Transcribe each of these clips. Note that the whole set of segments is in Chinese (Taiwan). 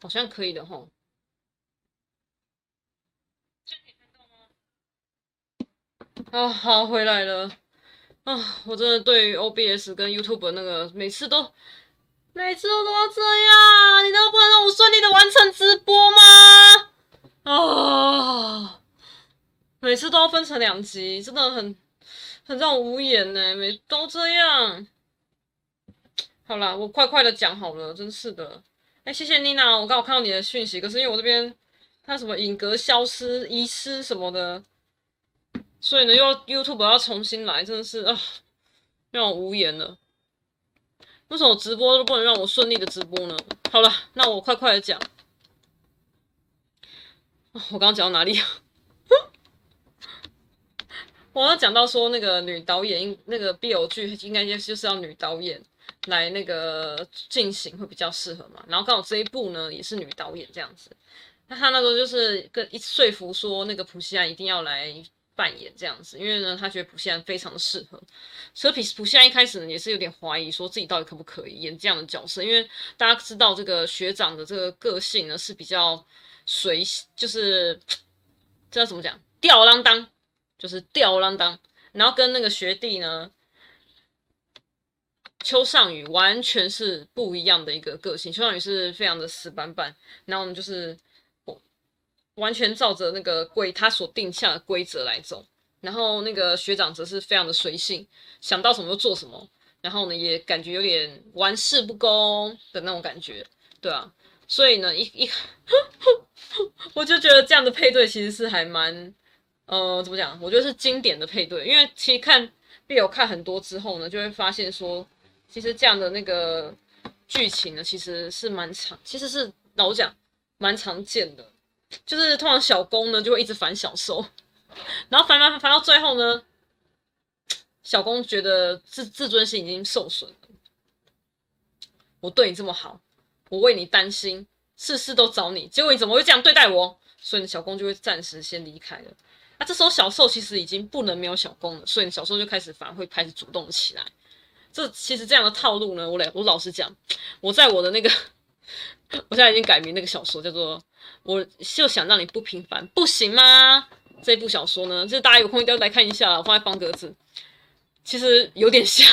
好像可以的齁。嗎啊，好，回來了。啊，我真的對 OBS 跟 YouTube 那個每次都，每次都都要這樣，你能不能讓我順利的完成直播嗎？啊，每次都要分成兩集，真的很，很讓我無言呢，欸，每都這樣。好啦，我快快的講好了，真是的。哎、欸，謝謝 Nina，我剛我看到你的訊息，可是因為我這邊，他什麼隱格消失、遺失什麼的，所以呢，又 YouTube 要重新來，真的是啊、呃，讓我無言了。為什麼我直播都不能讓我順利的直播呢？好了，那我快快的講、呃。我剛剛講到哪裡、啊？ 我剛講到說那個女導演，那個 BL 劇應該就是要女導演來那個進行會比較適合嘛，然後剛好這一部呢，也是女導演這樣子，那他那時候就是跟一說服說那個朴棲含一定要來扮演這樣子，因為呢他覺得朴棲含非常的適合。所以朴棲含一開始呢也是有點懷疑，說自己到底可不可以演這樣的角色，因為大家知道這個學長的這個個性呢是比較隨，就是這要怎麼講，吊兒郎當，就是吊兒郎當，然後跟那個學弟呢。秋尚宇完全是不一樣的一個個性，秋尚宇是非常的死板板，然後呢就是完全照着那個規他所定下的規則來走，然後那個學長則是非常的隨性，想到什麼就做什麼，然後呢也感覺有點玩世不恭的那種感覺，對啊，所以呢一一哼哼哼， 我就覺得這樣的配對其實是還蠻呃怎麼講？我覺得是經典的配對，因為其實看 BL 看很多之後呢，就會發現說。其實這樣的那個劇情呢，其實是蠻常，其實是老實講蠻常見的，就是通常小攻呢就會一直煩小受，然後煩煩煩到最後呢，小攻覺得自自尊心已經受損了，我對你這麼好，我為你擔心，事事都找你，結果你怎麼會這樣對待我？所以小攻就會暫時先離開了。啊，這時候小受其實已經不能沒有小攻了，所以小受就開始反而會開始主動起來。這其實這樣的套路呢，我嘞，我老實講，我在我的那個，我現在已經改名那個小說叫做《我就想讓你不平凡》，不行嗎？這部小說呢，就是大家有空一定要來看一下我放在方格子，其實有點像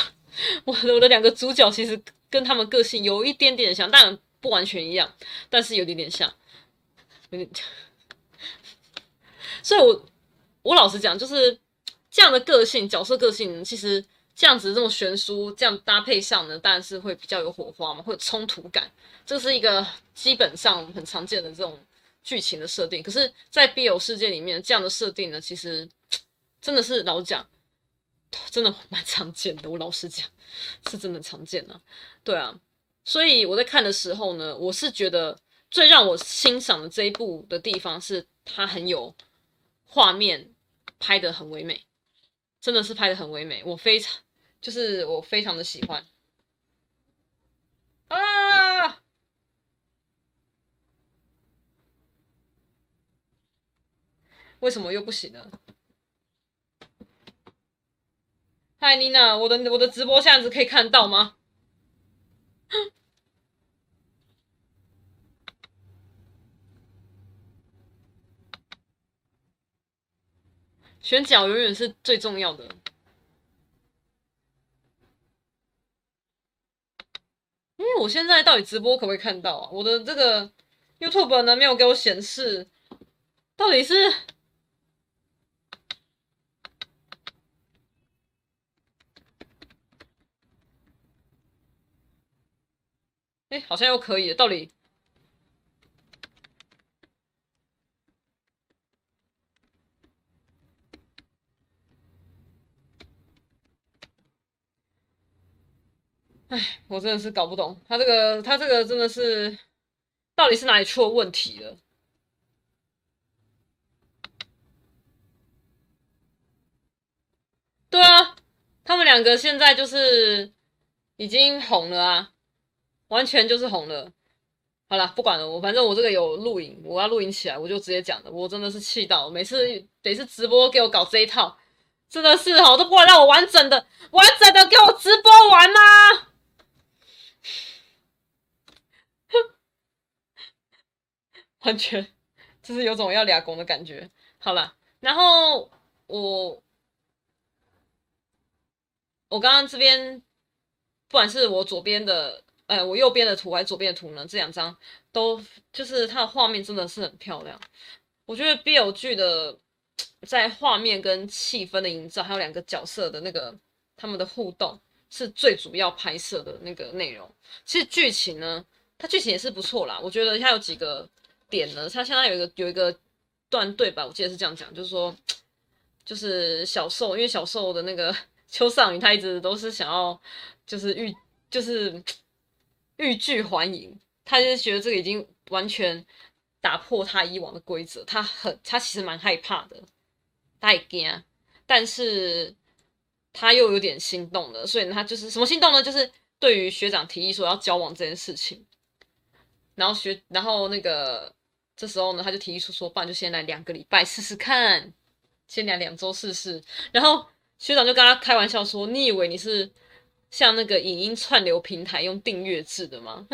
我的我的兩個主角，其實跟他們個性有一點點像，當然不完全一樣，但是有點點像，有點像。所以我，我我老實講，就是這樣的個性，角色個性其實。這樣子這種懸殊，這樣搭配上呢，當然是會比較有火花嘛，會有衝突感。這是一個基本上很常見的這種劇情的設定。可是，在 BL 世界裡面，這樣的設定呢，其實真的是老實講，真的蠻常見的。我老實講，是真的常見啊。對啊，所以我在看的時候呢，我是覺得最讓我欣賞的這一部的地方是它很有畫面，拍得很唯美，真的是拍得很唯美。我非常。就是我非常的喜歡啊！為什麼又不行了？嗨，妮娜，我的我的直播這樣子可以看到嗎？選角永遠是最重要的。為、嗯、我現在到底直播可不可以看到啊？我的這個 YouTube 呢，沒有給我顯示，到底是……哎、欸，好像又可以了，到底？我真的是搞不懂他這個，他這個真的是到底是哪裡出了問題了？對啊，他們兩個現在就是已經紅了啊，完全就是紅了。好了，不管了，我反正我這個有錄影，我要錄影起來，我就直接講了。我真的是氣到，每次每次直播給我搞這一套，真的是哈、哦，都不會讓我完整的完整的給我直播完嗎、啊？完全，就 是有種要倆攻的感覺。好了，然後我我剛剛這邊，不管是我左邊的，哎、呃，我右邊的圖還是左邊的圖呢？這兩張都就是它的畫面真的是很漂亮。我覺得 B L 劇的在畫面跟氣氛的營造，還有兩個角色的那個他們的互動是最主要拍攝的那個內容。其實劇情呢，它劇情也是不錯啦。我覺得它有幾個。點了，他現在有一個有一個段，對吧？我記得是這樣講，就是說，就是小受，因為小受的那個秋上雨，他一直都是想要，就是欲就是欲拒還迎，他就是覺得這個已經完全打破他以往的規則，他很他其實蠻害怕的，他很，但是他又有點心動了，所以他就是什麼心動呢？就是對於學長提議說要交往這件事情，然後學然後那個。這時候呢，他就提議說：“不然就先來兩個禮拜試試看，先來兩週試試。”然後學長就跟他開玩笑說：“你以為你是像那個影音串流平台用訂閱製的嗎？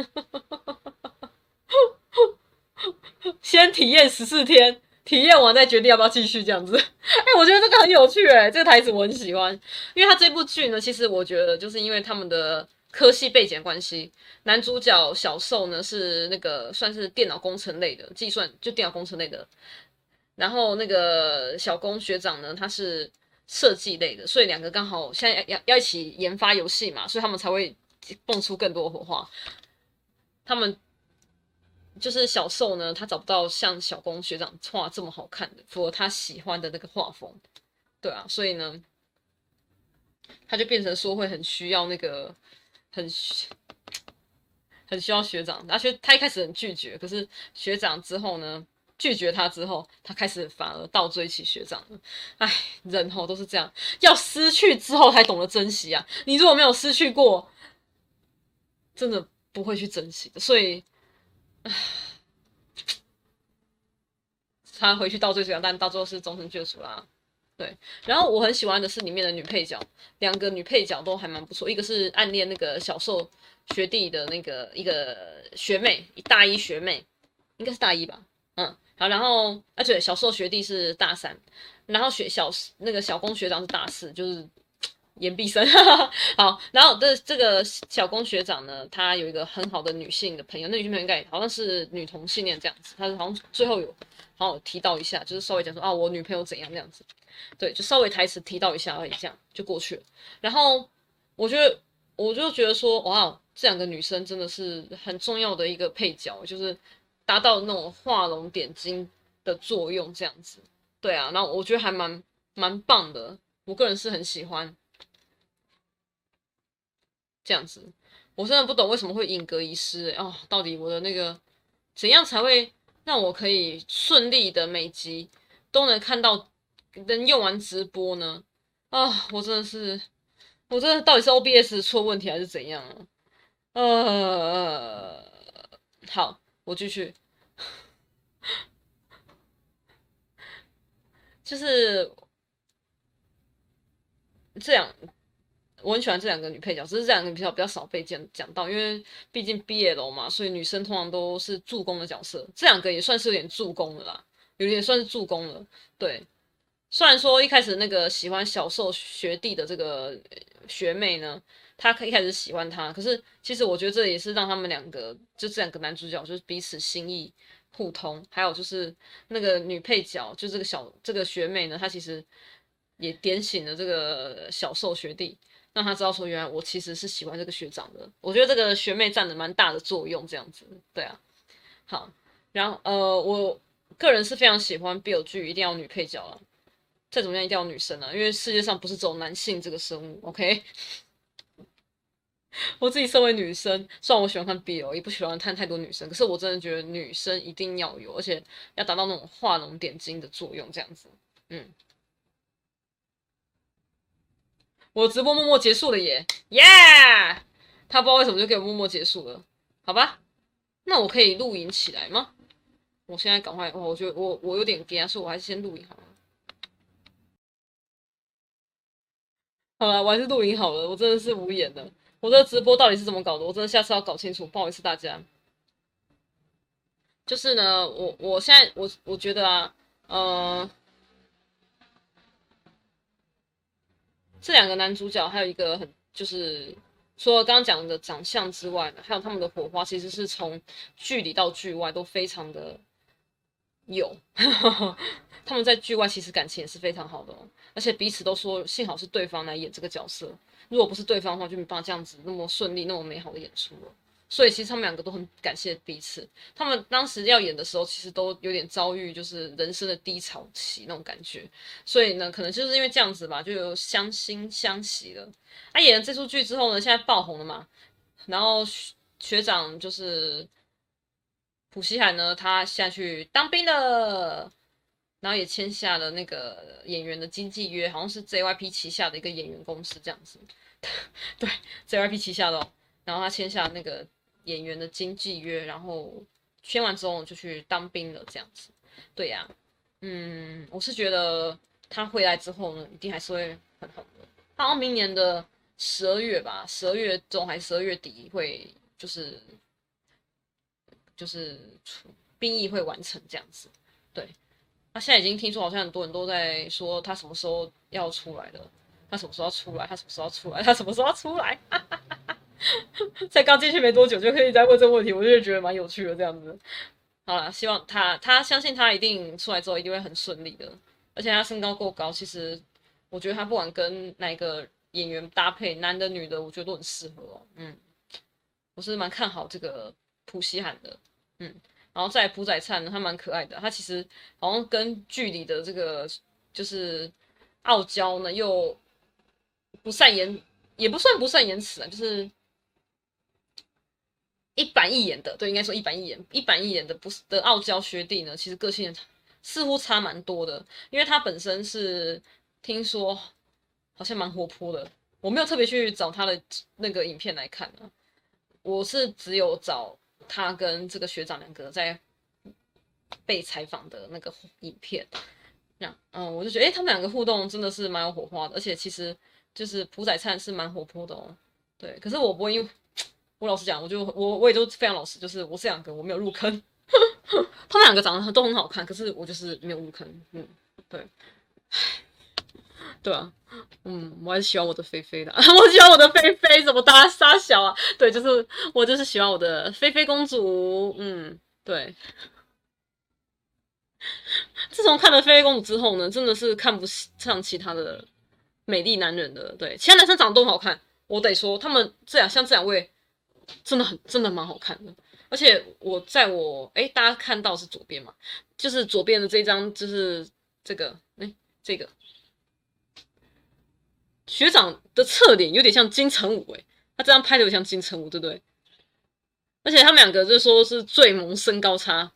先體驗十四天，體驗完再決定要不要繼續這樣子。”哎，我覺得這個很有趣哎，這個台詞我很喜歡，因為他這部劇呢，其實我覺得就是因為他們的。科系背景關係，男主角小受呢是那個算是電腦工程類的計算，就電腦工程類的，然後那個小攻學長呢，他是設計類的，所以兩個剛好現在要要一起研發遊戲嘛，所以他們才會蹦出更多火花。他們就是小受呢，他找不到像小攻學長畫這麼好看的，符合他喜歡的那個畫風，對啊，所以呢，他就變成說會很需要那個。很很需要學長，而且他一開始很拒絕，可是學長之後呢，拒絕他之後，他開始反而倒追起學長了。哎，人吼都是這樣，要失去之後才懂得珍惜啊！你如果沒有失去過，真的不會去珍惜的。所以，他回去倒追學長，但到最後是終成眷屬啦。對，然後我很喜歡的是裡面的女配角，兩個女配角都還蠻不錯，一個是暗戀那個小受學弟的那個一個學妹，大一學妹，應該是大一吧，嗯，好，然後啊對，而且小受學弟是大三，然後學小那個小攻學長是大四，就是。言必生， 好，然後這這個小攻學長呢，他有一個很好的女性的朋友，那女性朋友應該好像是女同性戀這樣子，他好像最後有，好像提到一下，就是稍微講說啊，我女朋友怎樣這樣子，對，就稍微台詞提到一下而已，這樣就過去了。然後我覺得，我就覺得說，哇、哦，這兩個女生真的是很重要的一個配角，就是達到那種畫龍點睛的作用這樣子，對啊，然後我覺得還蠻蠻棒的，我個人是很喜歡。這樣子，我真的不懂為什麼會影格遺失、欸、哦。到底我的那個怎樣才會讓我可以順利的每集都能看到，能用完直播呢？啊、哦，我真的是，我真的到底是 OBS 出問題還是怎樣啊？呃，好，我繼續，就是這樣。我很喜歡這兩個女配角，只是這兩個比較比較少被講講到，因為畢竟 BL 嘛，所以女生通常都是助攻的角色，這兩個也算是有點助攻了啦，有點算是助攻了。對，雖然說一開始那個喜歡小受學弟的這個學妹呢，她可一開始喜歡他，可是其實我覺得這也是讓他們兩個，就這兩個男主角就是彼此心意互通，還有就是那個女配角，就這個小這個學妹呢，她其實也點醒了這個小受學弟。讓他知道說，原來我其實是喜歡這個學長的。我覺得這個學妹占的蠻大的作用，這樣子，對啊。好，然後呃、，我個人是非常喜歡 BL 劇，一定要女配角啊。再怎麼樣，一定要女生啊，因為世界上不是只有男性這個生物。OK，我自己身為女生，雖然我喜歡看 BL，也不喜歡看太多女生，可是我真的覺得女生一定要有，而且要達到那種畫龍點睛的作用，這樣子，嗯。我直播默默結束了耶耶！Yeah! 他不知道為什麼就給我默默結束了，好吧？那我可以錄影起來嗎？我現在趕快，哦，我覺得我我有點尷尬，所以我還是先錄影好了。好了，我還是錄影好了，我真的是無言了。我這個直播到底是怎麼搞的？我真的下次要搞清楚。不好意思大家，就是呢，我我現在我我覺得啊，嗯、呃。這兩個男主角還有一個很就是，除了剛剛講的長相之外呢，還有他們的火花其實是從劇裡到劇外都非常的有。他們在劇外其實感情也是非常好的，而且彼此都說幸好是對方來演這個角色，如果不是對方的話，就沒辦法這樣子那麼順利，那麼美好的演出了。所以其實他們兩個都很感謝彼此。他們當時要演的時候，其實都有點遭遇，就是人生的低潮期那種感覺。所以呢，可能就是因為這樣子吧，就有相惺相惜了。他、啊、演了這出劇之後呢，現在爆紅了嘛。然後學，學長就是朴棲含呢，他下去當兵了，然後也簽下了那個演員的經紀約，好像是 JYP 旗下的一個演員公司這樣子。對， 對 JYP 旗下的。然後他簽下那個。演員的經紀約，然後簽完之後就去當兵了，這樣子。對呀、啊，嗯，我是覺得他回來之後呢，一定還是會很好的。他到明年的十二月吧，十二月中還是十二月底會、就是，就是就是出兵役會完成這樣子。對，他、啊、現在已經聽說，好像很多人都在說他什麼時候要出來的，他什麼時候要出來，他什麼時候要出來，他什麼時候要出來，哈哈哈哈。 在 剛進去沒多久就可以在問這個問題，我就覺得蠻有趣的這樣子。好了，希望他他相信他一定出來之後一定會很順利的，而且他身高夠高，其實我覺得他不管跟哪一個演員搭配，男的女的，我覺得都很適合，哦。嗯，我是蠻看好這個朴熙漢的。嗯，然後在朴宰燦呢，他蠻可愛的，他其實好像跟劇裡的這個就是傲嬌呢又不善言，也不算不善言辭啊，就是。一板一眼的，對，應該說一板一眼，一板一眼的不是的傲嬌學弟呢，其實個性似乎差蠻多的，因為他本身是聽說好像蠻活潑的，我沒有特別去找他的那個影片來看啊，我是只有找他跟這個學長兩個在被採訪的那個影片，這樣，嗯、呃，我就覺得，誒、欸，他們兩個互動真的是蠻有火花的，而且其實就是朴宰燦是蠻活潑的哦，對，可是我不會因為我老實講，我就我我也就非常老實，就是我這兩個，我沒有入坑。 他們兩個長得都很好看，可是我就是沒有入坑。嗯，對，唉對啊，嗯，我還是喜歡我的菲菲的， 我喜歡我的菲菲，怎麼大家傻笑啊？對，就是我就是喜歡我的菲菲公主。嗯，對。 自從看了菲菲公主之後呢，真的是看不上其他的美麗男人的。對，其他男生長得都很好看，我得說他們這倆，像這兩位。真的很，真的蠻好看的。而且我在我哎，大家看到是左邊嘛，就是左邊的這張，就是這個哎，這個學長的側臉有點像金城武哎、欸，他這張拍的有像金城武，對不對？而且他們兩個就說是最萌身高差，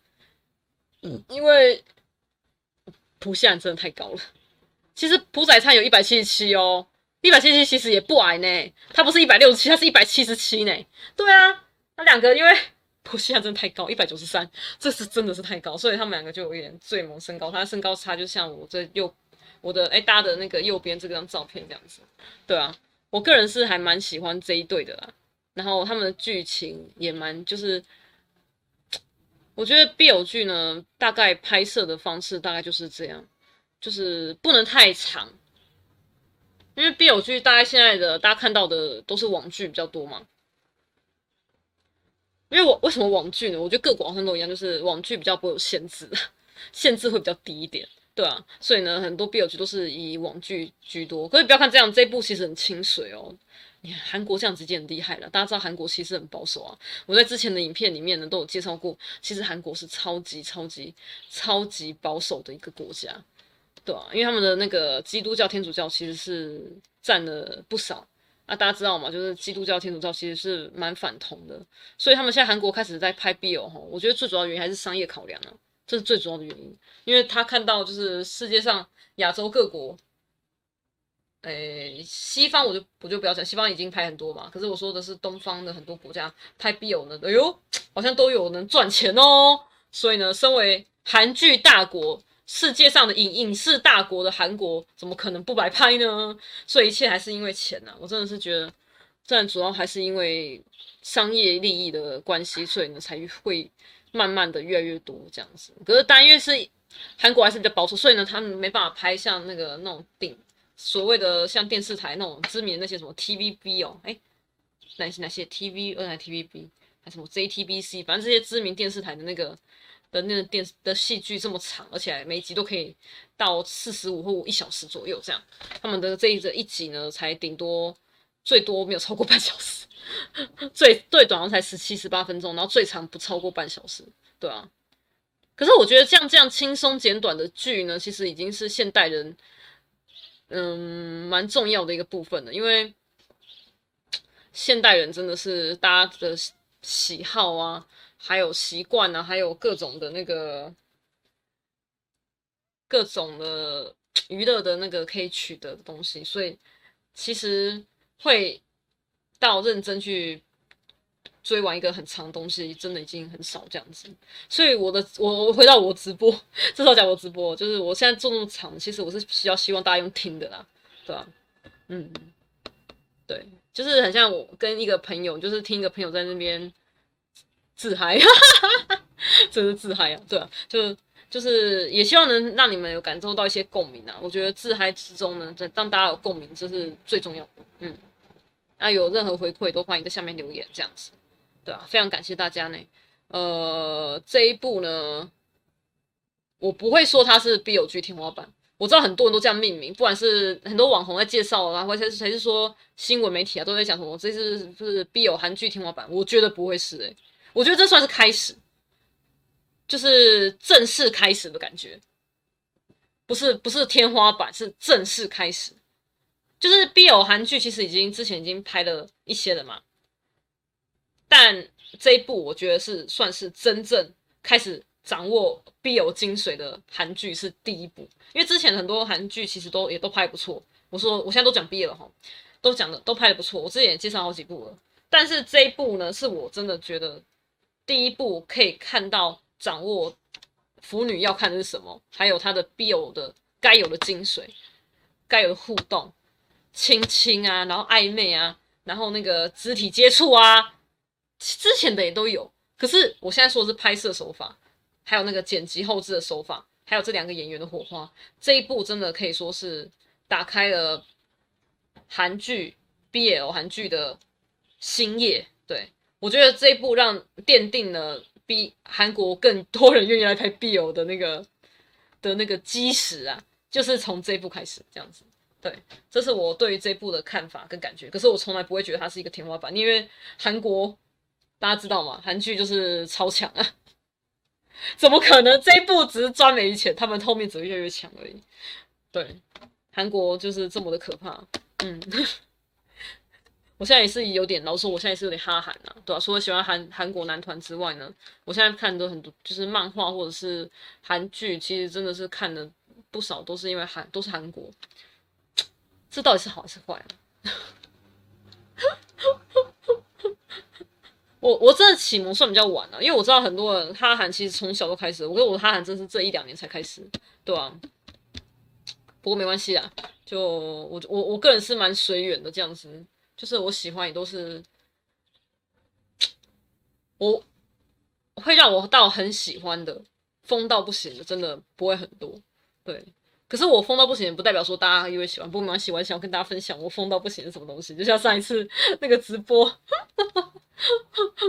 嗯，因為朴棲含真的太高了，其實朴宰燦有一百七十七哦。一百七十七其實也不矮呢，他不是一百六十七，他是一百七十七呢。對啊，他兩個因為，我現在真的太高，一百九十三，這是真的是太高，所以他們兩個就有一點最萌身高。他的身高差就像我這右，我的哎搭的那個右邊這張照片這樣子。對啊，我個人是還蠻喜歡這一對的啦。然後他們的劇情也蠻，就是我覺得 BL 劇呢，大概拍攝的方式大概就是這樣，就是不能太長。因為 BL 劇，大概現在的大家看到的都是網劇比較多嘛。因為我為什麼網劇呢？我覺得各國好像都一樣，就是網劇比較不有限制，限制會比較低一點，對啊。所以呢，很多 BL 劇都是以網劇居多。可是不要看這樣，這一部其實很清水哦。你看韓國這樣子已經很厲害了，大家知道韓國其實很保守啊。我在之前的影片裡面呢都有介紹過，其實韓國是超級超級超級保守的一個國家。對啊，因為他們的那個基督教、天主教其實是佔了不少啊，大家知道嗎？就是基督教、天主教其實是蠻反同的，所以他們現在韓國開始在拍 BL 哈，我覺得最主要原因還是商業考量啊，這是最主要的原因，因為他看到就是世界上亞洲各國，哎，西方我就我就不要講，西方已經拍很多嘛，可是我說的是東方的很多國家拍 BL 呢，哎呦，好像都有能賺錢哦，所以呢，身為韓劇大國。世界上的影影視大國的韓國，怎麼可能不白拍呢？所以一切還是因為錢吶、啊。我真的是覺得，但主要還是因為商業利益的關係，所以呢才會慢慢的越來越多這樣子。可是當然因為是韓國還是比較保守，所以呢，他們沒辦法拍像那個那種頂所謂的像電視台那種知名那些什麼 T V B 哦，哎、欸，哪些哪些 T V 哦，哪 T V B，還是什麼 J T B C，反正這些知名電視台的那個。的那個電視的戲劇這麼長，而且每一集都可以到四十五或一小時左右這樣。他們的這一個一集呢，才頂多最多沒有超過半小時，最最短才十七十八分鐘，然後最長不超過半小時，對啊。可是我覺得像這樣輕鬆簡短的劇呢，其實已經是現代人，嗯，蠻重要的一個部分了。因為現代人真的是大家的喜好啊。還有習慣呢、啊，還有各種的那個，各種的娛樂的那個可以取得的東西，所以其實會到認真去追完一個很長的東西，真的已經很少這樣子。所以我的我回到我直播，至少講我直播，就是我現在做那麼長，其實我是比較希望大家用聽的啦，對吧？嗯，對，就是很像我跟一個朋友，就是聽一個朋友在那邊。自嗨，哈哈哈哈哈，真是自嗨啊！對啊，就是就是也希望能讓你們有感受到一些共鳴啊。我覺得自嗨之中呢，這讓大家有共鳴，這是最重要的。嗯、啊，那有任何回饋都歡迎在下面留言，這樣子，對啊，非常感謝大家呢。呃，這一部呢，我不會說它是 BL 劇天花板。我知道很多人都這樣命名，不管是很多網紅在介紹啊，或者是誰是說新聞媒體啊，都在講什麼，這是 BL 韓劇天花板。我覺得不會是哎、欸。我覺得這算是開始，就是正式開始的感覺，不是不是天花板，是正式開始。就是 BL 韓劇，其實已經之前已經拍了一些了嘛，但這一部我覺得是算是真正開始掌握 BL 精髓的韓劇是第一部，因為之前很多韓劇其實都也都拍得不錯。我說我現在都講 BL 了哈，都講的都拍得不錯，我之前也介紹好幾部了，但是這一部呢，是我真的覺得。第一部可以看到掌握腐女要看的是什麼，還有她的 BL 的該有的精髓，該有的互動、親親啊，然後曖昧啊，然後那個肢體接觸啊，之前的也都有。可是我現在說的是拍攝手法，還有那個剪輯後製的手法，還有這兩個演員的火花，這一部真的可以說是打開了韓劇 BL 韓劇的新頁，對。我覺得這一部讓奠定了比韓國更多人願意來拍 BL 的那個的那個基石啊，就是從這一部開始這樣子。對，這是我對於這一部的看法跟感覺。可是我從來不會覺得它是一個天花板，因為韓國大家知道嗎？韓劇就是超強啊！怎麼可能這一部只是賺沒錢，他們後面只會越來越強而已。對，韓國就是這麼的可怕。嗯。我現在也是有點，老實說，我現在也是有點哈韓啊，對吧，啊？除了喜歡韓韓國男團之外呢，我現在看的很多就是漫畫或者是韓劇，其實真的是看的不少，都是因為韓都是韓國。這到底是好還是壞，啊？ 我我真的啟蒙算比較晚了，啊，因為我知道很多人哈韓其實從小都開始，我覺得我哈韓真的是這一兩年才開始，對吧，啊？不過沒關係啦，就我我我個人是蠻隨緣的這樣子。就是我喜歡，也都是我會讓我到很喜歡的，瘋到不行的，真的不會很多。對，可是我瘋到不行，也不代表說大家也會喜歡。不蠻喜歡，想要跟大家分享我瘋到不行是什麼東西？就像上一次那個直播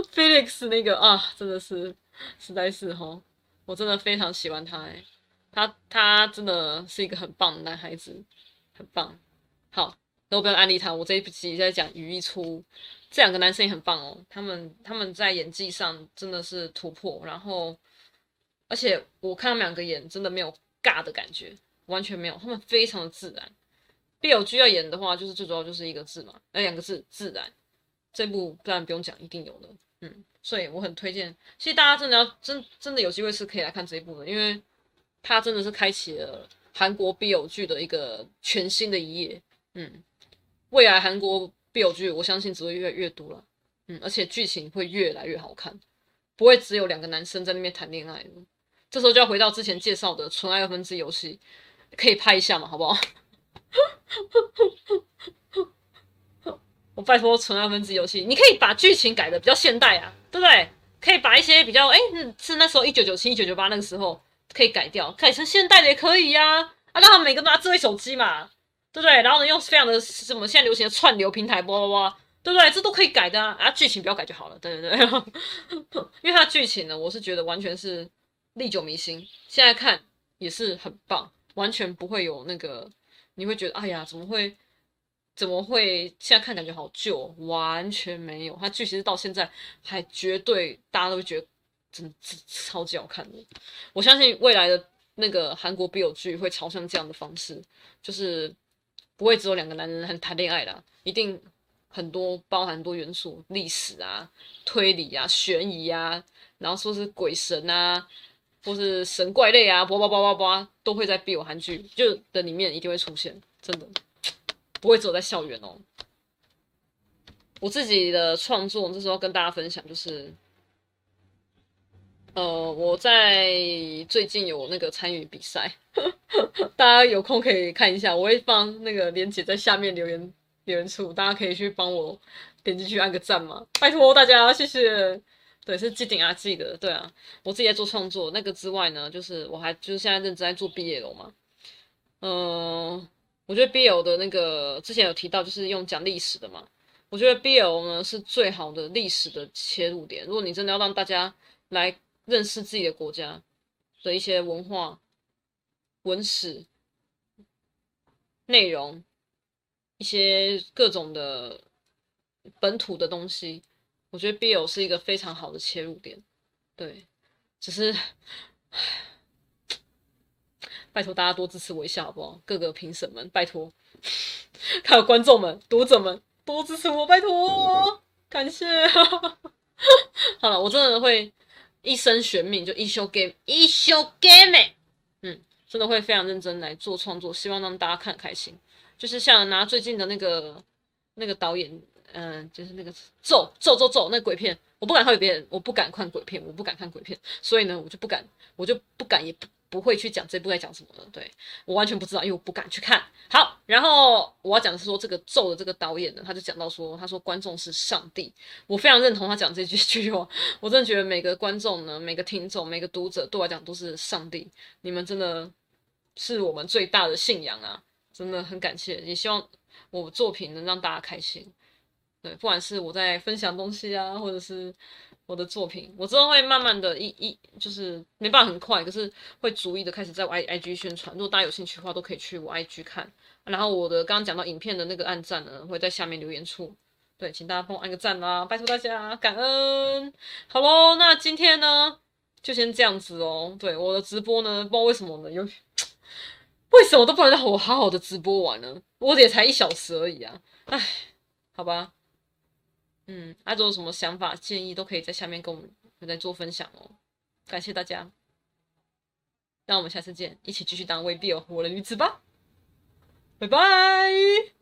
，Felix 那個啊，真的是實在是吼，我真的非常喜歡他哎，他他真的是一個很棒的男孩子，很棒。好。都不用安利他，我這一期在講《語意錯誤》，這兩個男生也很棒哦，他們他們在演技上真的是突破，然後而且我看他們兩個演真的沒有尬的感覺，完全沒有，他們非常的自然。BL 劇要演的話，就是最主要就是一個字嘛，那、呃、兩個字自然。這部當然不用講，一定有的，嗯，所以我很推薦，其實大家真的要真的真的有機會是可以來看這一部的，因為它真的是開啟了韓國 BL 劇的一個全新的一頁，嗯。未來韓國 BL 劇，我相信只會越來越多了。嗯，而且劇情會越來越好看，不會只有兩個男生在那邊談戀愛。這時候就要回到之前介紹的《純愛二分之一遊戲》，可以拍一下嘛，好不好？我拜托《純愛二分之一遊戲》，你可以把劇情改得比較現代啊，對不對？可以把一些比較誒、欸、是那時候一九九七、一九九八那個時候可以改掉，改成現代的也可以呀、啊。啊，讓他們每個都拿智慧手機嘛。對不對？然後呢，用非常的什麼現在流行的串流平台，叭叭哇，對不對？這都可以改的啊！啊，劇情不要改就好了。對對對， 因為它的劇情呢，我是覺得完全是歷久彌新，現在看也是很棒，完全不會有那個你會覺得哎呀，怎麼會怎麼會？現在看感覺好舊，完全沒有。它劇情到現在還絕對大家都會覺得真的超級好看的。我相信未來的那個韓國 BL 劇會朝向這樣的方式，就是。不會只有兩個男人很談戀愛的啊，一定很多包含很多元素，歷史啊、推理啊、懸疑啊，然後說是鬼神啊，或是神怪類啊，叭叭叭叭叭，都會在 BL 韓劇就的裡面一定會出現，真的不會只有在校園哦。我自己的創作這時候要跟大家分享就是。呃，我在最近有那個參與比賽， 大家有空可以看一下，我會放那個鏈接在下面留言留言處，大家可以去幫我點進去按個讚嘛，拜託大家，謝謝。對，是置頂啊，自己的，對啊，我自己在做創作那個之外呢，就是我還就是現在認真在做 BL 嘛。嗯、呃，我覺得 BL 的那個之前有提到，就是用講歷史的嘛，我覺得 BL 呢是最好的歷史的切入點。如果你真的要讓大家來，認識自己的國家的一些文化、文史內容，一些各種的本土的東西，我覺得 BL 是一個非常好的切入點。對，只是拜託大家多支持我一下，好不好？各個評審們，拜託，還有觀眾們、讀者們，多支持我，拜託，感謝。 好了，我真的會。一生懸命就一休 game 一休 game、欸、嗯，真的會非常認真來做創作，希望讓大家看得開心。就是像拿最近的那個那個導演，嗯、呃，就是那個咒咒咒咒，咒，那個、鬼片，我不敢看別人，我不敢看鬼片，我不敢看鬼片，所以呢，我就不敢，我就不敢也不。不會去講這部該講什麼的，對我完全不知道，因為我不敢去看。好，然後我要講的是說這個咒的這個導演呢，他就講到說，他說觀眾是上帝，我非常認同他講這句句話，我真的覺得每個觀眾呢，每個聽眾，每個讀者對我來講都是上帝，你們真的是我們最大的信仰啊，真的很感謝，也希望我作品能讓大家開心。不管是我在分享東西啊，或者是我的作品，我之後會慢慢的一一就是沒辦法很快，可是會逐一的開始在我 IG 宣傳。如果大家有興趣的話，都可以去我 IG 看啊。然後我的剛剛講到影片的那個按讚呢，會在下面留言處。對，請大家幫我按個讚啦，拜託大家，感恩。好嘍，那今天呢就先這樣子哦。對，我的直播呢，不知道為什麼呢，有為，為什麼都不能讓我好好的直播完呢？我也才一小時而已啊，唉，好吧。嗯，阿卓有什麼想法，建議都可以在下面跟我們再做分享哦。感謝大家，那我們下次見，一起繼續當為 BL 活的女子吧，拜拜。